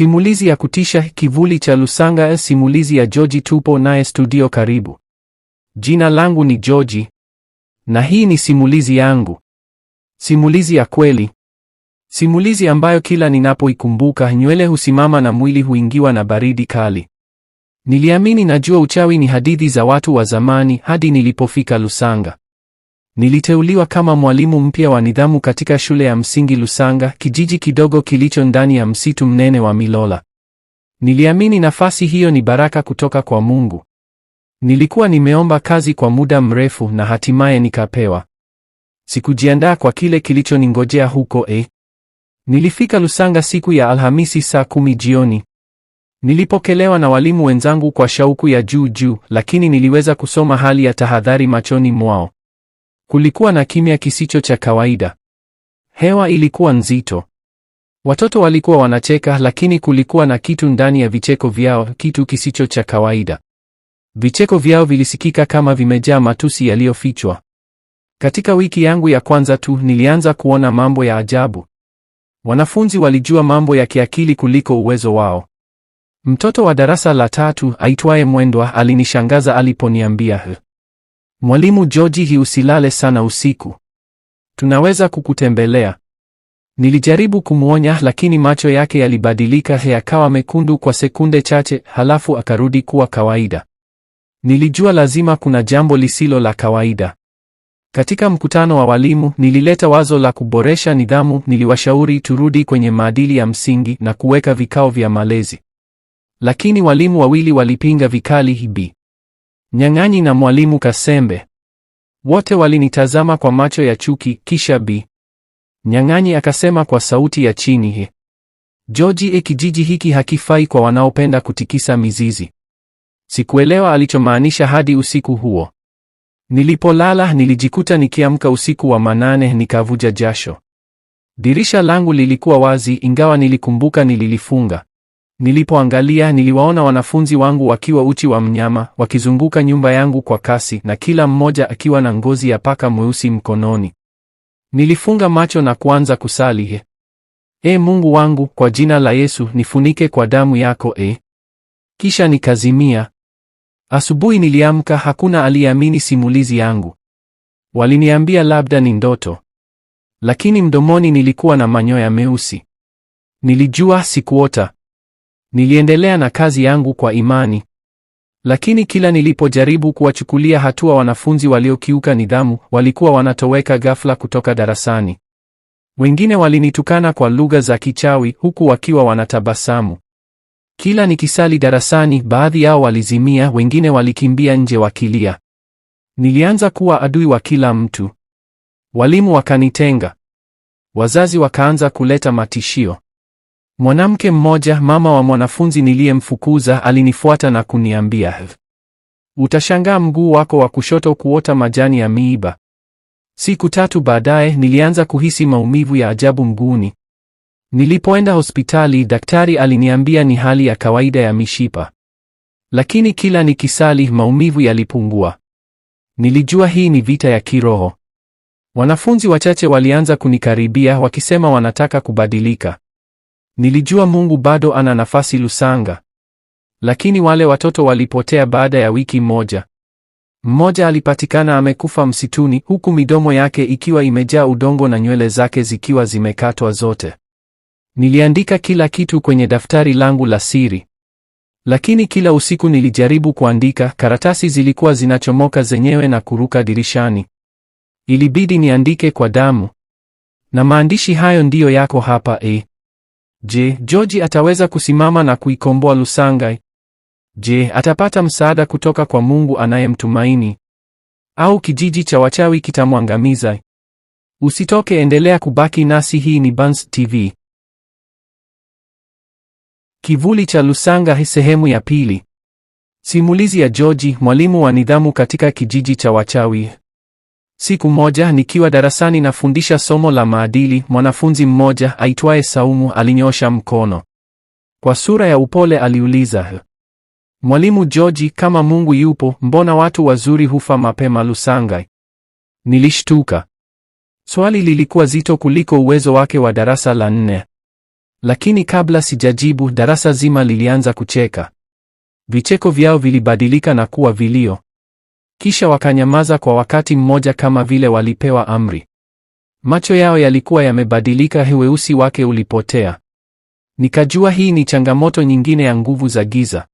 Simulizi ya kutisha Kivuli cha Lusanga, simulizi ya Joji. Tupo naye studio, karibu. Jina langu ni Joji na hii ni simulizi yangu, simulizi ya kweli, simulizi ambayo kila ninapoikumbuka nywele husimama na mwili huingiwa na baridi kali. Niliamini najua uchawi ni hadithi za watu wa zamani hadi nilipofika Lusanga. Niliteuliwa kama mwalimu mpya wa nidhamu katika shule ya msingi Lusanga, kijiji kidogo kilicho ndani ya msitu mnene wa Milola. Niliamini nafasi hiyo ni baraka kutoka kwa Mungu. Nilikuwa nimeomba kazi kwa muda mrefu na hatimaye nikapewa. Sikujiandaa kwa kile kilichoningojea huko eh. Nilifika Lusanga siku ya Alhamisi saa kumi jioni. Nilipokelewa na walimu wenzangu kwa shauku ya juu juu, lakini niliweza kusoma hali ya tahadhari machoni mwao. Kulikuwa na kimya kisicho cha kawaida. Hewa ilikuwa nzito. Watoto walikuwa wanacheka, lakini kulikuwa na kitu ndani ya vicheko vyao, kitu kisicho cha kawaida. Vicheko vyao vilisikika kama vimejaa matusi yaliyofichwa. Katika wiki yangu ya kwanza tu nilianza kuona mambo ya ajabu. Wanafunzi walijua mambo ya kiakili kuliko uwezo wao. Mtoto wa darasa la tatu aitwaye Mwendwa alinishangaza aliponiambia Mwalimu Joji, hi, usilale sana usiku, tunaweza kukutembelea. Nilijaribu kumwonya, lakini macho yake yalibadilika yakawa mekundu kwa sekunde chache, halafu akarudi kuwa kawaida. Nilijua lazima kuna jambo lisilo la kawaida. Katika mkutano wa walimu, nilileta wazo la kuboresha nidhamu. Niliwashauri turudi kwenye maadili ya msingi na kuweka vikao vya malezi, lakini walimu wawili walipinga vikali hibi. Nyang'anyi na Mwalimu Kasembe wote walinitazama kwa macho ya chuki. Kisha Bi Nyang'anyi akasema kwa sauti ya chini, he, Joji, e, kijiji hiki hakifai kwa wanaopenda kutikisa mizizi. Sikuelewa alichomaanisha hadi usiku huo. Nilipolala nilijikuta nikiamka usiku wa manane, nikavuja jasho. Dirisha langu lilikuwa wazi, ingawa nilikumbuka nililifunga. Nilipoangalia niliwaona wanafunzi wangu wakiwa uchi wa mnyama, wakizunguka nyumba yangu kwa kasi na kila mmoja akiwa na ngozi ya paka mweusi mkononi. Nilifunga macho na kuanza kusali. E, e Mungu wangu, kwa jina la Yesu nifunike kwa damu yako e. Kisha nikazimia. Asubuhi niliamka, hakuna aliyeamini simulizi yangu. Waliniambia labda ni ndoto, lakini mdomoni nilikuwa na manyoya meusi. Nilijua sikuota. Niliendelea na kazi yangu kwa imani, lakini kila nilipojaribu kuwachukulia hatua wanafunzi waliokiuka nidhamu, walikuwa wanatoweka ghafla kutoka darasani. Wengine walinitukana kwa lugha za kichawi huku wakiwa wanatabasamu. Kila nikisali darasani, baadhi yao walizimia, wengine walikimbia nje wakilia. Nilianza kuwa adui wa kila mtu. Walimu wakanitenga. Wazazi wakaanza kuleta matishio. Mwanamke mmoja, mama wa mwanafunzi niliyemfukuza, alinifuata na kuniambia, utashangaa mguu wako wa kushoto kuota majani ya miiba. Siku tatu baadaye nilianza kuhisi maumivu ya ajabu mguuni. Nilipoenda hospitali, daktari aliniambia ni hali ya kawaida ya mishipa, lakini kila nikisali maumivu yalipungua. Nilijua hii ni vita ya kiroho. Wanafunzi wachache walianza kunikaribia wakisema wanataka kubadilika. Nilijua Mungu bado ana nafasi Lusanga. Lakini wale watoto walipotea baada ya wiki moja. Mmoja alipatikana amekufa msituni huku midomo yake ikiwa imejaa udongo na nywele zake zikiwa zimekatwa zote. Niliandika kila kitu kwenye daftari langu la siri. Lakini kila usiku nilijaribu kuandika, karatasi zilikuwa zinachomoka zenyewe na kuruka dirishani. Ilibidi niandike kwa damu. Na maandishi hayo ndiyo yako hapa eh. Je, George ataweza kusimama na kuikomboa Lusangai? Je, atapata msaada kutoka kwa Mungu anayemtumaini? Au kijiji cha wachawi kitamwangamiza? Usitoke, endelea kubaki nasi. Hii ni Bans TV. Kivuli cha Lusanga, sehemu ya pili. Simulizi ya George, mwalimu wa nidhamu katika kijiji cha wachawi. Siku moja nikiwa darasani nafundisha somo la maadili, mwanafunzi mmoja aitwaye Saumu alinyosha mkono. Kwa sura ya upole aliuliza, Mwalimu George, kama Mungu yupo, mbona watu wazuri hufa mapema Lusanga? Nilishtuka. Swali lilikuwa zito kuliko uwezo wake wa darasa la nne. Lakini kabla sijajibu, darasa zima lilianza kucheka. Vicheko vyao vilibadilika na kuwa vilio. Kisha wakanyamaza kwa wakati mmoja kama vile walipewa amri. Macho yao yalikuwa yamebadilika, weusi wake ulipotea. Nikajua hii ni changamoto nyingine ya nguvu za giza.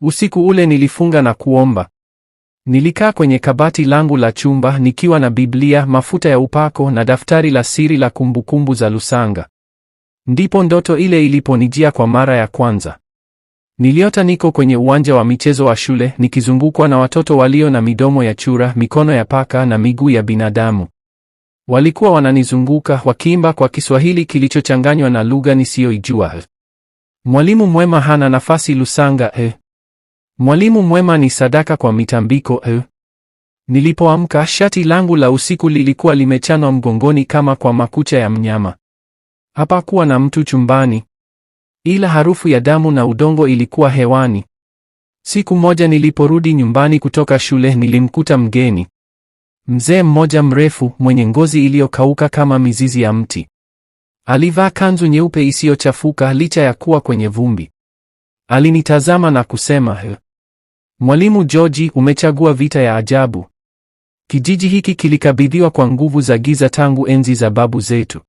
Usiku ule nilifunga na kuomba. Nilikaa kwenye kabati langu la chumba nikiwa na Biblia, mafuta ya upako na daftari la siri la kumbukumbu za Lusanga. Ndipo ndoto ile iliponijia kwa mara ya kwanza. Niliota niko kwenye uwanja wa michezo wa shule nikizungukwa na watoto walio na midomo ya chura, mikono ya paka na miguu ya binadamu. Walikuwa wananizunguka wakiimba kwa Kiswahili kilichochanganywa na lugha nisiyoijua. Mwalimu mwema hana nafasi Lusanga eh. Mwalimu mwema ni sadaka kwa mitambiko eh. Nilipoamka shati langu la usiku lilikuwa limechanwa mgongoni kama kwa makucha ya mnyama. Hapakuwa na mtu chumbani ila harufu ya damu na udongo ilikuwa hewani. Siku moja niliporudi nyumbani kutoka shule, nilimkuta mgeni, mzee mmoja mrefu mwenye ngozi iliyokauka kama mizizi ya mti. Alivaa kanzu nyeupe isiyochafuka licha ya kuwa kwenye vumbi. Alinitazama na kusema, Mwalimu George, umechagua vita ya ajabu. Kijiji hiki kilikabidhiwa kwa nguvu za giza tangu enzi za babu zetu.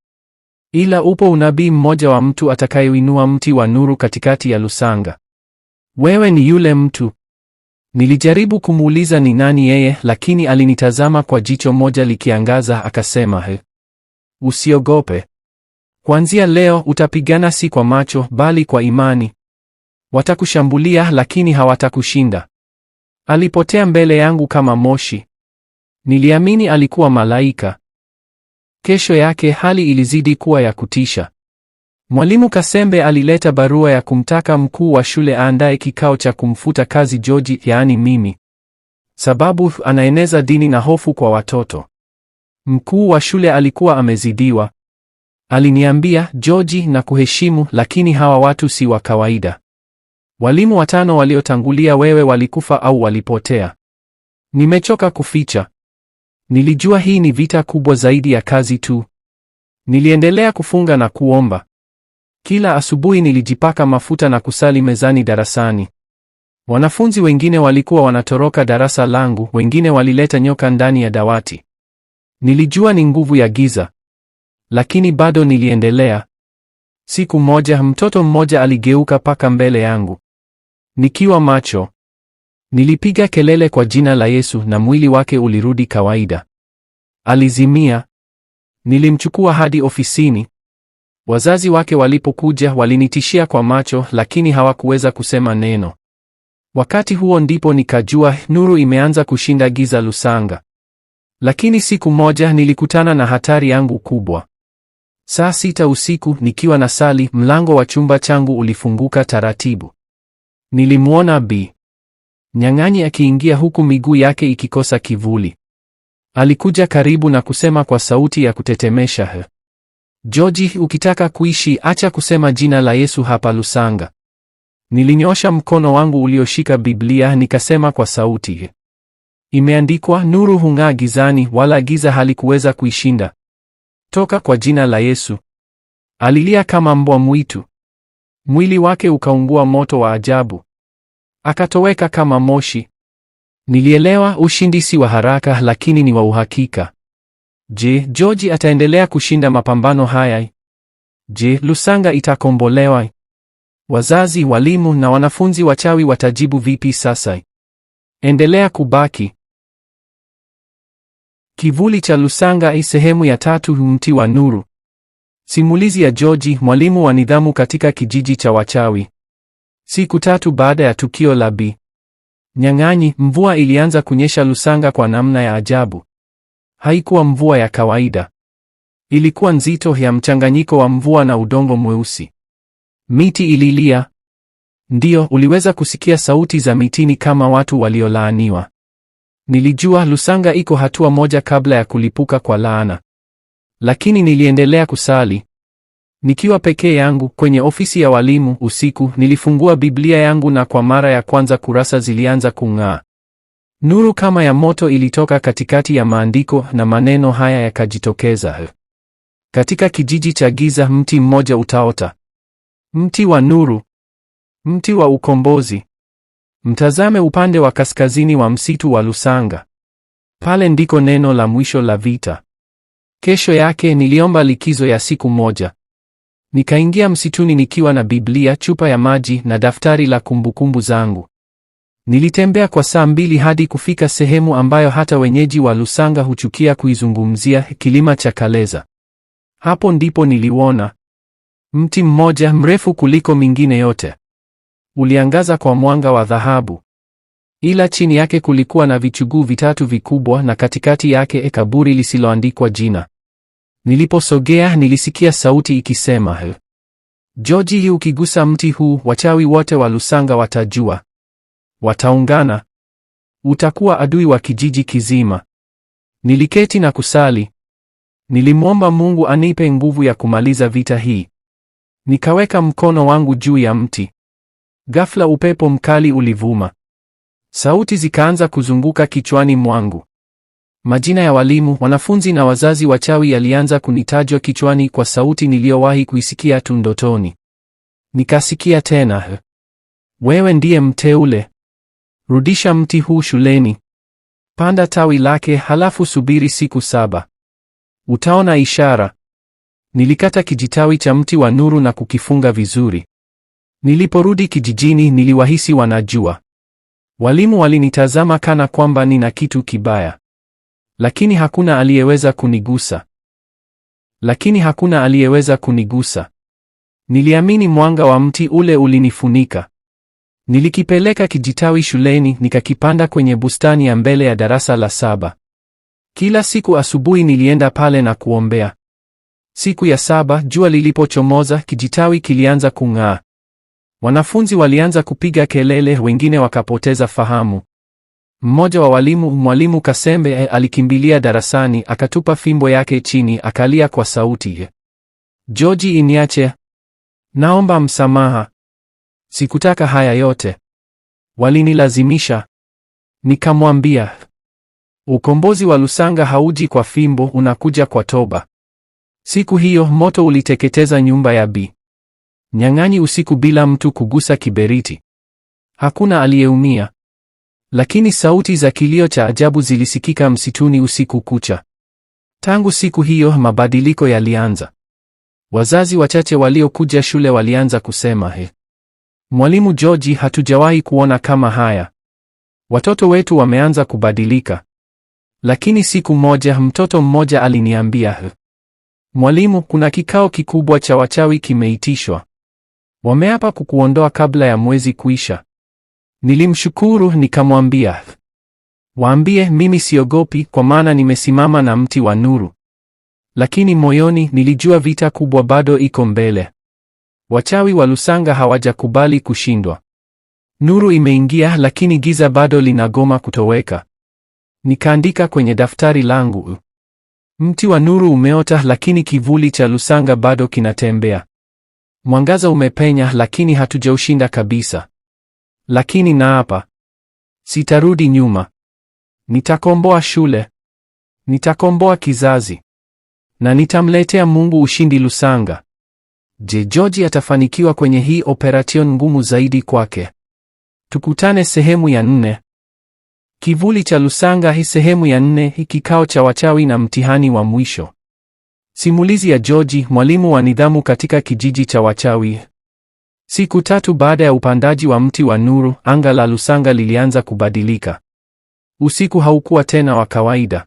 Ila upo unabii mmoja wa mtu atakayeinua mti wa nuru katikati ya lusanga. Wewe ni yule mtu. Nilijaribu kumuuliza ni nani yeye, lakini alinitazama kwa jicho moja likiangaza, akasema he, usiogope. Kuanzia leo utapigana si kwa macho, bali kwa imani. Watakushambulia lakini hawatakushinda. Alipotea mbele yangu kama moshi. Niliamini alikuwa malaika. Kesho yake hali ilizidi kuwa ya kutisha. Mwalimu Kasembe alileta barua ya kumtaka mkuu wa shule aandae kikao cha kumfuta kazi George, yaani mimi, sababu anaeneza dini na hofu kwa watoto. Mkuu wa shule alikuwa amezidiwa. Aliniambia, George, na kuheshimu, lakini hawa watu si wa kawaida. Walimu watano waliotangulia wewe walikufa au walipotea. Nimechoka kuficha. Nilijua hii ni vita kubwa zaidi ya kazi tu. Niliendelea kufunga na kuomba. Kila asubuhi nilijipaka mafuta na kusali mezani darasani. Wanafunzi wengine walikuwa wanatoroka darasa langu, wengine walileta nyoka ndani ya dawati. Nilijua ni nguvu ya giza, lakini bado niliendelea. Siku moja mtoto mmoja aligeuka paka mbele yangu. Nikiwa macho, Nilipiga kelele kwa jina la Yesu na mwili wake ulirudi kawaida. Alizimia. Nilimchukua hadi ofisini. Wazazi wake walipokuja walinitishia kwa macho, lakini hawakuweza kusema neno. Wakati huo ndipo nikajua nuru imeanza kushinda giza lusanga. Lakini siku moja nilikutana na hatari yangu kubwa. Saa sita usiku nikiwa na sali, mlango wa chumba changu ulifunguka taratibu. Nilimwona Bi Nyang'anyi akiingia huku miguu yake ikikosa kivuli. Alikuja karibu na kusema kwa sauti ya kutetemesha he, George, ukitaka kuishi acha kusema jina la Yesu hapa Lusanga. Nilinyosha mkono wangu ulioshika Biblia nikasema kwa sauti he, imeandikwa, nuru hung'aa gizani, wala giza halikuweza kuishinda. Toka kwa jina la Yesu. Alilia kama mbwa mwitu, mwili wake ukaungua moto wa ajabu akatoweka kama moshi. Nilielewa ushindi si wa haraka, lakini ni wa uhakika. Je, George ataendelea kushinda mapambano haya? Je, Lusanga itakombolewa? Wazazi, walimu na wanafunzi wachawi watajibu vipi sasa? Endelea kubaki. Kivuli cha Lusanga i sehemu ya tatu. Mti wa nuru. Simulizi ya George, mwalimu wa nidhamu katika kijiji cha wachawi. Siku tatu baada ya tukio la Bi Nyang'anyi, mvua ilianza kunyesha Lusanga kwa namna ya ajabu. Haikuwa mvua ya kawaida. Ilikuwa nzito, ya mchanganyiko wa mvua na udongo mweusi. Miti ililia. ndio uliweza kusikia sauti za mitini kama watu waliolaaniwa. Nilijua Lusanga iko hatua moja kabla ya kulipuka kwa laana, lakini niliendelea kusali. Nikiwa pekee yangu kwenye ofisi ya walimu usiku, nilifungua Biblia yangu na kwa mara ya kwanza kurasa zilianza kung'aa. Nuru kama ya moto ilitoka katikati ya maandiko na maneno haya yakajitokeza: katika kijiji cha giza mti mmoja utaota, mti wa nuru, mti wa ukombozi. Mtazame upande wa kaskazini wa msitu wa Lusanga, pale ndiko neno la mwisho la vita. Kesho yake niliomba likizo ya siku moja. Nikaingia msituni nikiwa na Biblia, chupa ya maji na daftari la kumbukumbu zangu. Nilitembea kwa saa mbili hadi kufika sehemu ambayo hata wenyeji wa Lusanga huchukia kuizungumzia, kilima cha Kaleza. Hapo ndipo niliuona mti mmoja mrefu kuliko mingine yote. Uliangaza kwa mwanga wa dhahabu, ila chini yake kulikuwa na vichuguu vitatu vikubwa, na katikati yake kaburi lisiloandikwa jina. Niliposogea nilisikia sauti ikisema, Joji, ukigusa mti huu wachawi wote wa Lusanga watajua, wataungana, utakuwa adui wa kijiji kizima. Niliketi na kusali, nilimwomba Mungu anipe nguvu ya kumaliza vita hii. Nikaweka mkono wangu juu ya mti. Ghafla upepo mkali ulivuma, sauti zikaanza kuzunguka kichwani mwangu. Majina ya walimu, wanafunzi na wazazi wachawi yalianza kunitajwa kichwani kwa sauti niliyowahi kuisikia tu ndotoni. Nikasikia tena, wewe ndiye mteule, rudisha mti huu shuleni, panda tawi lake, halafu subiri siku saba, utaona ishara. Nilikata kijitawi cha mti wa nuru na kukifunga vizuri. Niliporudi kijijini, niliwahisi wanajua. Walimu walinitazama kana kwamba nina kitu kibaya. Lakini hakuna aliyeweza kunigusa. Lakini hakuna aliyeweza kunigusa. Niliamini mwanga wa mti ule ulinifunika. Nilikipeleka kijitawi shuleni nikakipanda kwenye bustani ya mbele ya darasa la saba. Kila siku asubuhi nilienda pale na kuombea. Siku ya saba jua lilipochomoza, kijitawi kilianza kung'aa. Wanafunzi walianza kupiga kelele, wengine wakapoteza fahamu. Mmoja wa walimu, mwalimu Kasembe, eh, alikimbilia darasani akatupa fimbo yake chini, akalia kwa sauti, Joji, eh, iniache, naomba msamaha, sikutaka haya yote, walinilazimisha. Nikamwambia, ukombozi wa Lusanga hauji kwa fimbo, unakuja kwa toba. Siku hiyo moto uliteketeza nyumba ya Bi Nyang'anyi usiku bila mtu kugusa kiberiti. Hakuna aliyeumia. Lakini sauti za kilio cha ajabu zilisikika msituni usiku kucha. Tangu siku hiyo mabadiliko yalianza. Wazazi wachache waliokuja shule walianza kusema he, Mwalimu George, hatujawahi kuona kama haya. Watoto wetu wameanza kubadilika. Lakini siku moja mtoto mmoja aliniambia he, Mwalimu, kuna kikao kikubwa cha wachawi kimeitishwa. Wameapa kukuondoa kabla ya mwezi kuisha. Nilimshukuru nikamwambia, waambie mimi siogopi, kwa maana nimesimama na mti wa nuru. Lakini moyoni nilijua vita kubwa bado iko mbele. Wachawi wa Lusanga hawajakubali kushindwa. Nuru imeingia, lakini giza bado linagoma kutoweka. Nikaandika kwenye daftari langu, mti wa nuru umeota, lakini kivuli cha Lusanga bado kinatembea. Mwangaza umepenya, lakini hatujaushinda kabisa lakini naapa, sitarudi nyuma. Nitakomboa shule, nitakomboa kizazi, na nitamletea Mungu ushindi Lusanga. Je, George atafanikiwa kwenye hii operation ngumu zaidi kwake? Tukutane sehemu ya nne. Kivuli cha Lusanga, hii sehemu ya nne, hii kikao cha wachawi na mtihani wa mwisho. Simulizi ya George, mwalimu wa nidhamu katika kijiji cha wachawi. Siku tatu baada ya upandaji wa mti wa nuru, anga la Lusanga lilianza kubadilika. Usiku haukuwa tena wa kawaida.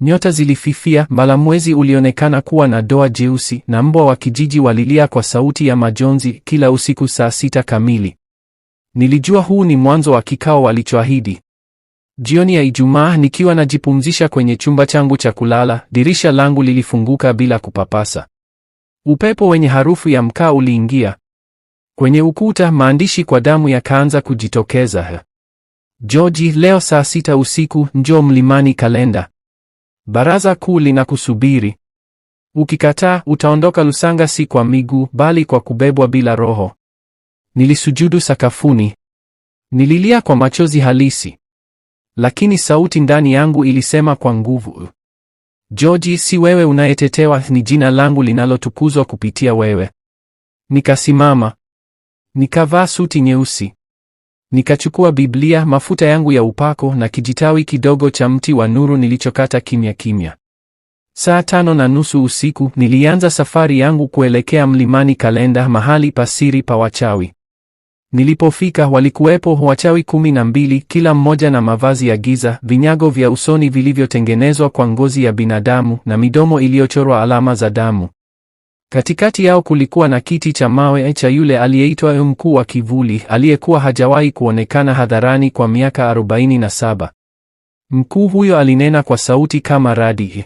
Nyota zilififia, mbalamwezi ulionekana kuwa na doa jeusi, na mbwa wa kijiji walilia kwa sauti ya majonzi kila usiku saa sita kamili. Nilijua huu ni mwanzo wa kikao walichoahidi. Jioni ya Ijumaa, nikiwa najipumzisha kwenye chumba changu cha kulala, dirisha langu lilifunguka bila kupapasa. Upepo wenye harufu ya mkaa uliingia. Kwenye ukuta maandishi kwa damu yakaanza kujitokeza. Joji, leo saa sita usiku njoo Mlimani Kalenda. Baraza kuu linakusubiri. Ukikataa utaondoka Lusanga, si kwa miguu bali kwa kubebwa bila roho. Nilisujudu sakafuni, nililia kwa machozi halisi, lakini sauti ndani yangu ilisema kwa nguvu, Joji, si wewe unayetetewa, ni jina langu linalotukuzwa kupitia wewe. Nikasimama. Nikavaa suti nyeusi, nikachukua Biblia, mafuta yangu ya upako na kijitawi kidogo cha mti wa nuru nilichokata kimya kimya. Saa tano na nusu usiku nilianza safari yangu kuelekea mlimani Kalenda, mahali pasiri pa wachawi. Nilipofika walikuwepo wachawi kumi na mbili, kila mmoja na mavazi ya giza, vinyago vya usoni vilivyotengenezwa kwa ngozi ya binadamu na midomo iliyochorwa alama za damu. Katikati yao kulikuwa na kiti cha mawe cha yule aliyeitwa mkuu wa kivuli aliyekuwa hajawahi kuonekana hadharani kwa miaka 47. Mkuu huyo alinena kwa sauti kama radi,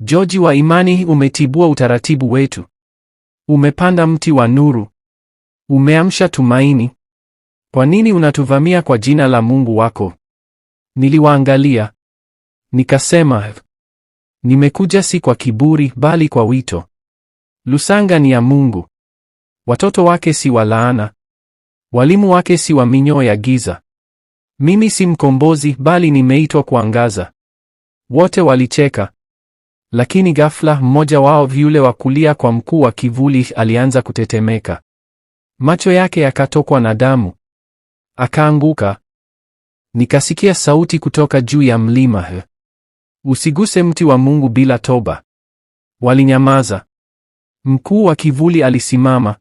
Joji wa imani, umetibua utaratibu wetu, umepanda mti wa nuru, umeamsha tumaini. Kwa nini unatuvamia kwa jina la Mungu wako? Niliwaangalia nikasema, nimekuja si kwa kiburi, bali kwa wito. Lusanga ni ya Mungu. Watoto wake si wa laana. Walimu wake si wa minyoo ya giza. Mimi si mkombozi bali nimeitwa kuangaza. Wote walicheka. Lakini ghafla mmoja wao, yule wa kulia kwa mkuu wa kivuli, alianza kutetemeka. Macho yake yakatokwa na damu. Akaanguka. Nikasikia sauti kutoka juu ya mlima, usiguse mti wa Mungu bila toba. Walinyamaza. Mkuu wa kivuli alisimama.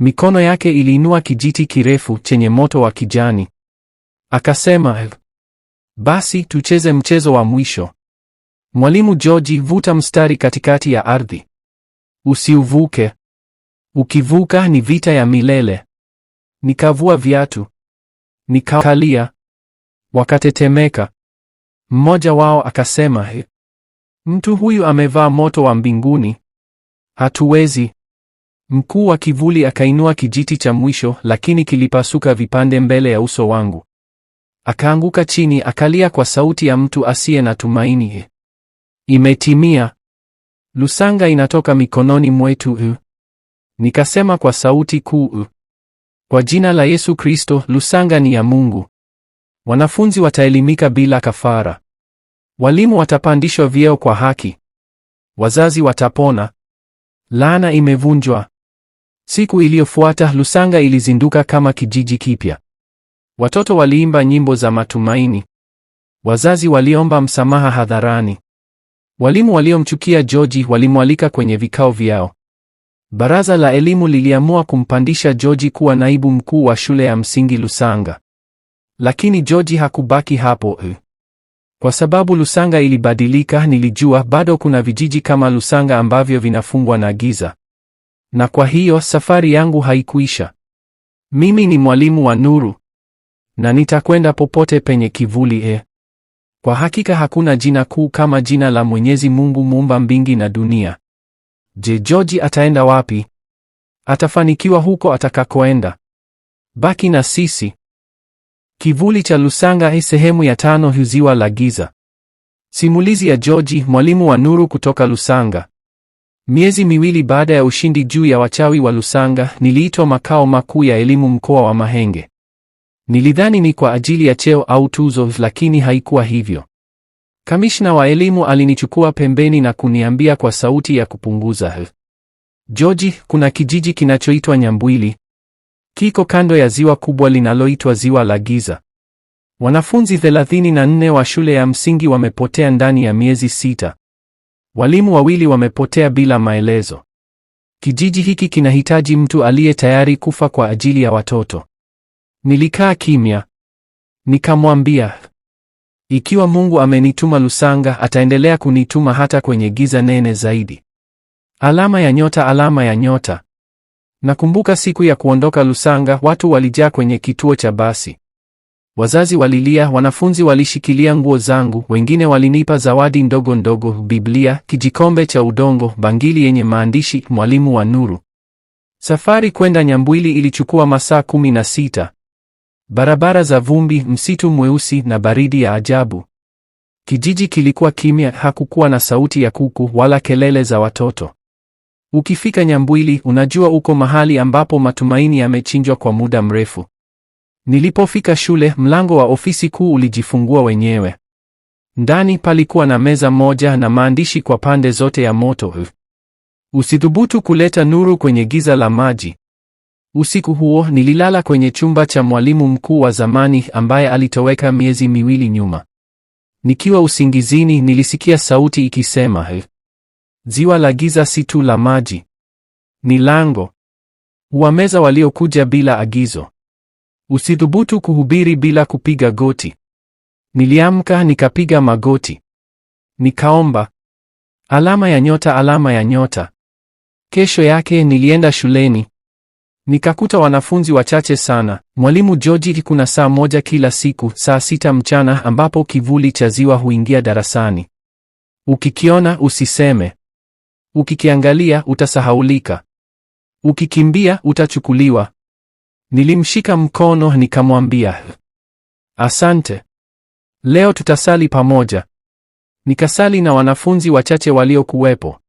Mikono yake iliinua kijiti kirefu chenye moto wa kijani. Akasema, eh, basi tucheze mchezo wa mwisho. Mwalimu George, vuta mstari katikati ya ardhi. Usiuvuke. Ukivuka ni vita ya milele. Nikavua viatu. Nikakalia. Wakatetemeka. Mmoja wao akasema, eh, mtu huyu amevaa moto wa mbinguni. Hatuwezi. Mkuu wa kivuli akainua kijiti cha mwisho, lakini kilipasuka vipande mbele ya uso wangu. Akaanguka chini, akalia kwa sauti ya mtu asiye na tumaini. Imetimia, Lusanga inatoka mikononi mwetu. Nikasema kwa sauti kuu, kwa jina la Yesu Kristo, Lusanga ni ya Mungu. Wanafunzi wataelimika bila kafara, walimu watapandishwa vyeo kwa haki, wazazi watapona. Laana imevunjwa. Siku iliyofuata Lusanga ilizinduka kama kijiji kipya. Watoto waliimba nyimbo za matumaini, wazazi waliomba msamaha hadharani, walimu waliomchukia Joji walimwalika kwenye vikao vyao. Baraza la elimu liliamua kumpandisha Joji kuwa naibu mkuu wa shule ya msingi Lusanga, lakini Joji hakubaki hapo. Eh. Kwa sababu Lusanga ilibadilika, nilijua bado kuna vijiji kama Lusanga ambavyo vinafungwa na giza, na kwa hiyo safari yangu haikuisha. Mimi ni mwalimu wa nuru na nitakwenda popote penye kivuli e. Kwa hakika hakuna jina kuu kama jina la Mwenyezi Mungu muumba mbingi na dunia. Je, George ataenda wapi? Atafanikiwa huko atakakoenda? Baki na sisi. Kivuli cha Lusanga. Hii sehemu ya tano, huziwa la giza. Simulizi ya George, mwalimu wa nuru kutoka Lusanga. Miezi miwili baada ya ushindi juu ya wachawi wa Lusanga, niliitwa makao makuu ya elimu mkoa wa Mahenge. Nilidhani ni kwa ajili ya cheo au tuzo, lakini haikuwa hivyo. Kamishna wa elimu alinichukua pembeni na kuniambia kwa sauti ya kupunguza, Joji, kuna kijiji kinachoitwa Nyambwili Kiko kando ya ziwa kubwa linaloitwa Ziwa la Giza. Wanafunzi 34 wa shule ya msingi wamepotea ndani ya miezi sita. Walimu wawili wamepotea bila maelezo. Kijiji hiki kinahitaji mtu aliye tayari kufa kwa ajili ya watoto. Nilikaa kimya. Nikamwambia, ikiwa Mungu amenituma Lusanga, ataendelea kunituma hata kwenye giza nene zaidi. Alama ya nyota, alama ya nyota. Nakumbuka siku ya kuondoka Lusanga, watu walijaa kwenye kituo cha basi. Wazazi walilia, wanafunzi walishikilia nguo zangu, wengine walinipa zawadi ndogo ndogo, Biblia, kijikombe cha udongo, bangili yenye maandishi Mwalimu wa Nuru. Safari kwenda Nyambwili ilichukua masaa kumi na sita. Barabara za vumbi, msitu mweusi na baridi ya ajabu. Kijiji kilikuwa kimya, hakukuwa na sauti ya kuku wala kelele za watoto. Ukifika Nyambwili, unajua uko mahali ambapo matumaini yamechinjwa kwa muda mrefu. Nilipofika shule, mlango wa ofisi kuu ulijifungua wenyewe. Ndani palikuwa na meza moja na maandishi kwa pande zote ya moto: usithubutu kuleta nuru kwenye giza la maji. Usiku huo nililala kwenye chumba cha mwalimu mkuu wa zamani ambaye alitoweka miezi miwili nyuma. Nikiwa usingizini, nilisikia sauti ikisema, Ziwa la giza si tu la maji, ni lango. Huwameza waliokuja bila agizo. Usithubutu kuhubiri bila kupiga goti. Niliamka nikapiga magoti, nikaomba. Alama ya nyota, alama ya nyota. Kesho yake nilienda shuleni nikakuta wanafunzi wachache sana. Mwalimu George, kuna saa moja kila siku, saa sita mchana, ambapo kivuli cha ziwa huingia darasani. Ukikiona usiseme Ukikiangalia utasahaulika, ukikimbia utachukuliwa. Nilimshika mkono nikamwambia, asante, leo tutasali pamoja. Nikasali na wanafunzi wachache waliokuwepo.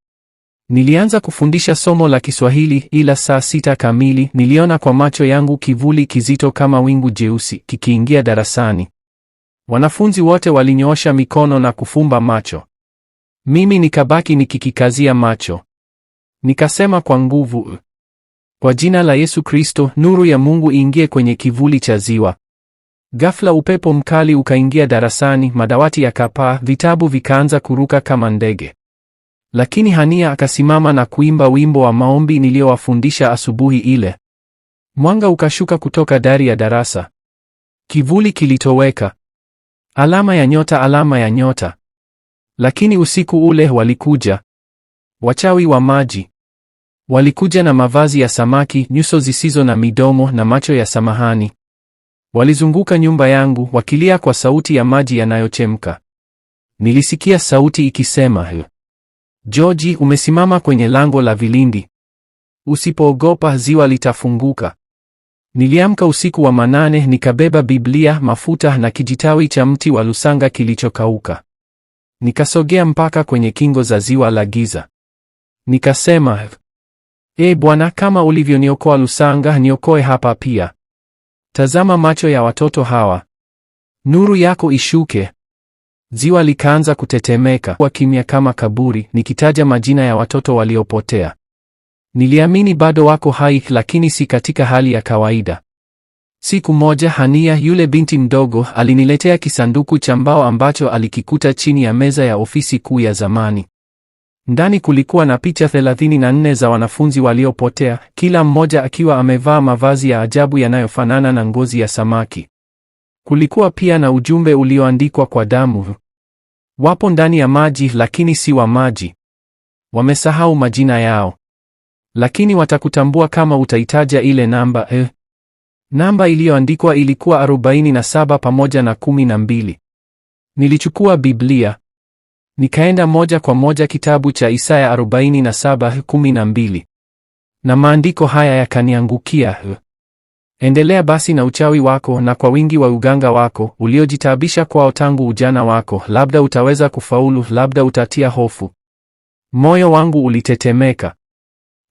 Nilianza kufundisha somo la Kiswahili, ila saa sita kamili niliona kwa macho yangu kivuli kizito kama wingu jeusi kikiingia darasani. Wanafunzi wote walinyoosha mikono na kufumba macho. Mimi nikabaki nikikikazia macho, nikasema kwa nguvu, kwa jina la Yesu Kristo, nuru ya Mungu iingie kwenye kivuli cha ziwa. Ghafla upepo mkali ukaingia darasani, madawati yakapaa, vitabu vikaanza kuruka kama ndege. Lakini Hania akasimama na kuimba wimbo wa maombi niliyowafundisha asubuhi ile. Mwanga ukashuka kutoka dari ya darasa, kivuli kilitoweka. Alama ya nyota, alama ya nyota. Lakini usiku ule walikuja wachawi wa maji. Walikuja na mavazi ya samaki, nyuso zisizo na midomo na macho ya samahani. Walizunguka nyumba yangu wakilia kwa sauti ya maji yanayochemka. Nilisikia sauti ikisema, Joji, umesimama kwenye lango la vilindi. Usipoogopa, ziwa litafunguka. Niliamka usiku wa manane, nikabeba Biblia, mafuta na kijitawi cha mti wa lusanga kilichokauka. Nikasogea mpaka kwenye kingo za ziwa la giza, nikasema, E Bwana, kama ulivyoniokoa Lusanga, niokoe hapa pia. Tazama macho ya watoto hawa, nuru yako ishuke. Ziwa likaanza kutetemeka kwa kimya kama kaburi, nikitaja majina ya watoto waliopotea. Niliamini bado wako hai, lakini si katika hali ya kawaida. Siku moja Hania, yule binti mdogo, aliniletea kisanduku cha mbao ambacho alikikuta chini ya meza ya ofisi kuu ya zamani. Ndani kulikuwa na picha 34 za wanafunzi waliopotea, kila mmoja akiwa amevaa mavazi ya ajabu yanayofanana na ngozi ya samaki. Kulikuwa pia na ujumbe ulioandikwa kwa damu. Wapo ndani ya maji lakini si wa maji. Wamesahau majina yao. Lakini watakutambua kama utaitaja ile namba eh. Namba iliyoandikwa ilikuwa 47 pamoja na 12. Nilichukua Biblia nikaenda moja kwa moja kitabu cha Isaya 47:12, na maandiko haya yakaniangukia: endelea basi na uchawi wako na kwa wingi wa uganga wako uliojitaabisha kwao tangu ujana wako, labda utaweza kufaulu, labda utatia hofu. Moyo wangu ulitetemeka.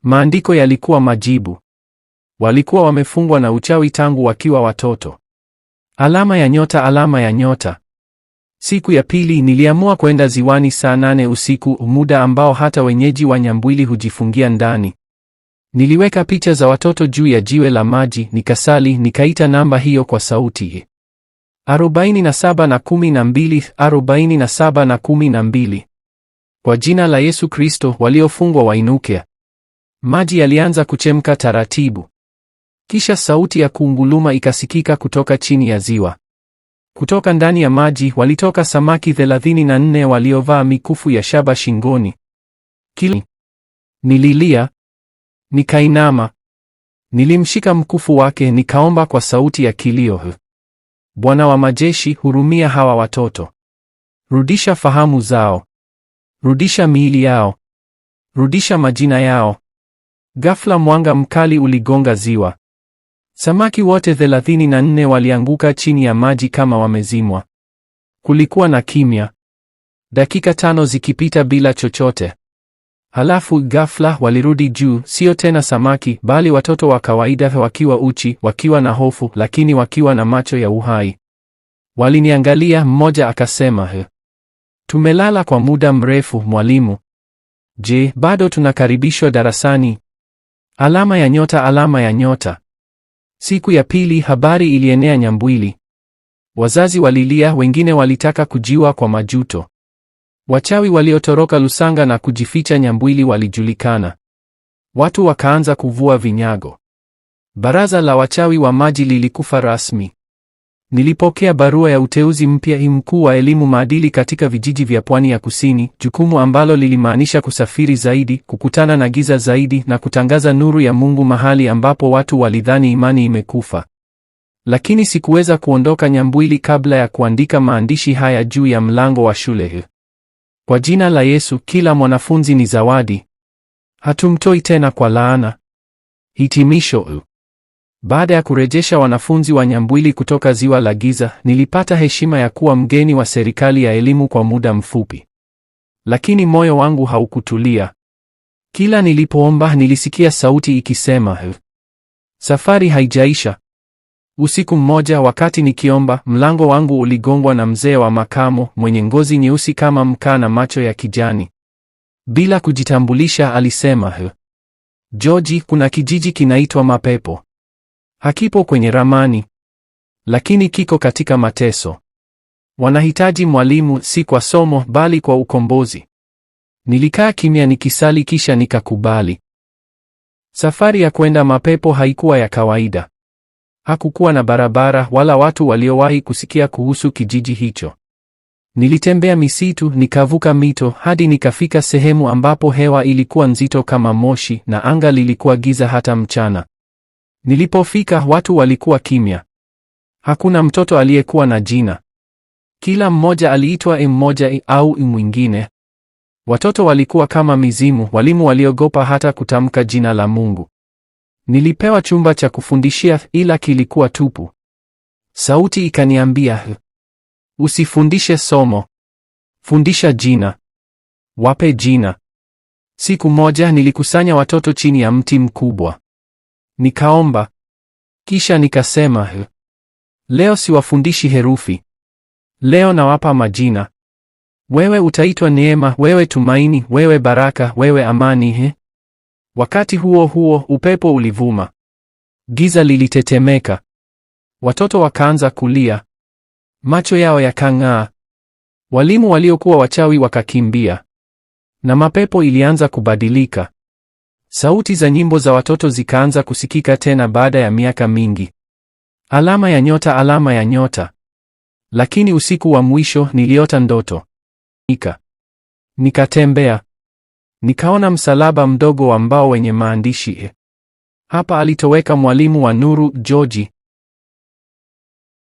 Maandiko yalikuwa majibu. Walikuwa wamefungwa na uchawi tangu wakiwa watoto. Alama ya nyota, alama ya nyota. Siku ya pili niliamua kwenda ziwani saa nane usiku, muda ambao hata wenyeji wa Nyambwili hujifungia ndani. Niliweka picha za watoto juu ya jiwe la maji, nikasali, nikaita namba hiyo kwa sauti. Arobaini na saba na kumi na mbili, arobaini na saba na kumi na mbili. Kwa jina la Yesu Kristo, waliofungwa wainuke. Maji yalianza kuchemka taratibu. Kisha sauti ya kuunguluma ikasikika kutoka chini ya ziwa. Kutoka ndani ya maji walitoka samaki thelathini na nne waliovaa mikufu ya shaba shingoni. Kili nililia, nikainama, nilimshika mkufu wake, nikaomba kwa sauti ya kilio, Bwana wa majeshi, hurumia hawa watoto, rudisha fahamu zao, rudisha miili yao, rudisha majina yao. Ghafla mwanga mkali uligonga ziwa. Samaki wote 34 walianguka chini ya maji kama wamezimwa. Kulikuwa na kimya, dakika tano zikipita bila chochote. Halafu ghafla walirudi juu, sio tena samaki, bali watoto wa kawaida, wakiwa uchi, wakiwa na hofu, lakini wakiwa na macho ya uhai. Waliniangalia, mmoja akasema, he, tumelala kwa muda mrefu mwalimu. Je, bado tunakaribishwa darasani? Alama ya nyota, alama ya nyota. Siku ya pili habari ilienea Nyambwili. Wazazi walilia, wengine walitaka kujiwa kwa majuto. Wachawi waliotoroka Lusanga na kujificha Nyambwili walijulikana. Watu wakaanza kuvua vinyago. Baraza la wachawi wa maji lilikufa rasmi. Nilipokea barua ya uteuzi mpya i mkuu wa elimu maadili katika vijiji vya pwani ya kusini, jukumu ambalo lilimaanisha kusafiri zaidi, kukutana na giza zaidi na kutangaza nuru ya Mungu mahali ambapo watu walidhani imani imekufa. Lakini sikuweza kuondoka Nyambwili kabla ya kuandika maandishi haya juu ya mlango wa shule: kwa jina la Yesu, kila mwanafunzi ni zawadi, hatumtoi tena kwa laana. Hitimisho. Baada ya kurejesha wanafunzi wa Nyambwili kutoka Ziwa la Giza, nilipata heshima ya kuwa mgeni wa serikali ya elimu kwa muda mfupi. Lakini moyo wangu haukutulia. Kila nilipoomba nilisikia sauti ikisema, eh, safari haijaisha. Usiku mmoja wakati nikiomba, mlango wangu uligongwa na mzee wa makamo mwenye ngozi nyeusi kama mkaa na macho ya kijani. Bila kujitambulisha, alisema, eh, George, kuna kijiji kinaitwa Mapepo hakipo kwenye ramani, lakini kiko katika mateso. Wanahitaji mwalimu, si kwa somo, bali kwa ukombozi. Nilikaa kimya nikisali, kisha nikakubali. Safari ya kwenda mapepo haikuwa ya kawaida. Hakukuwa na barabara wala watu waliowahi kusikia kuhusu kijiji hicho. Nilitembea misitu, nikavuka mito hadi nikafika sehemu ambapo hewa ilikuwa nzito kama moshi na anga lilikuwa giza hata mchana. Nilipofika watu walikuwa kimya. Hakuna mtoto aliyekuwa na jina. Kila mmoja aliitwa mmoja au mwingine. Watoto walikuwa kama mizimu, walimu waliogopa hata kutamka jina la Mungu. Nilipewa chumba cha kufundishia ila kilikuwa tupu. Sauti ikaniambia, usifundishe somo, fundisha jina, wape jina. Siku moja nilikusanya watoto chini ya mti mkubwa. Nikaomba kisha nikasema Leo siwafundishi herufi, leo nawapa majina. Wewe utaitwa Neema, wewe Tumaini, wewe Baraka, wewe Amani. He. Wakati huo huo upepo ulivuma, giza lilitetemeka, watoto wakaanza kulia, macho yao yakang'aa, walimu waliokuwa wachawi wakakimbia, na mapepo ilianza kubadilika. Sauti za nyimbo za watoto zikaanza kusikika tena baada ya miaka mingi. Alama ya nyota, alama ya nyota. Lakini usiku wa mwisho niliota ndoto. Nika. Nikatembea. Nikaona msalaba mdogo wa mbao wenye maandishi. E. Hapa alitoweka mwalimu wa nuru George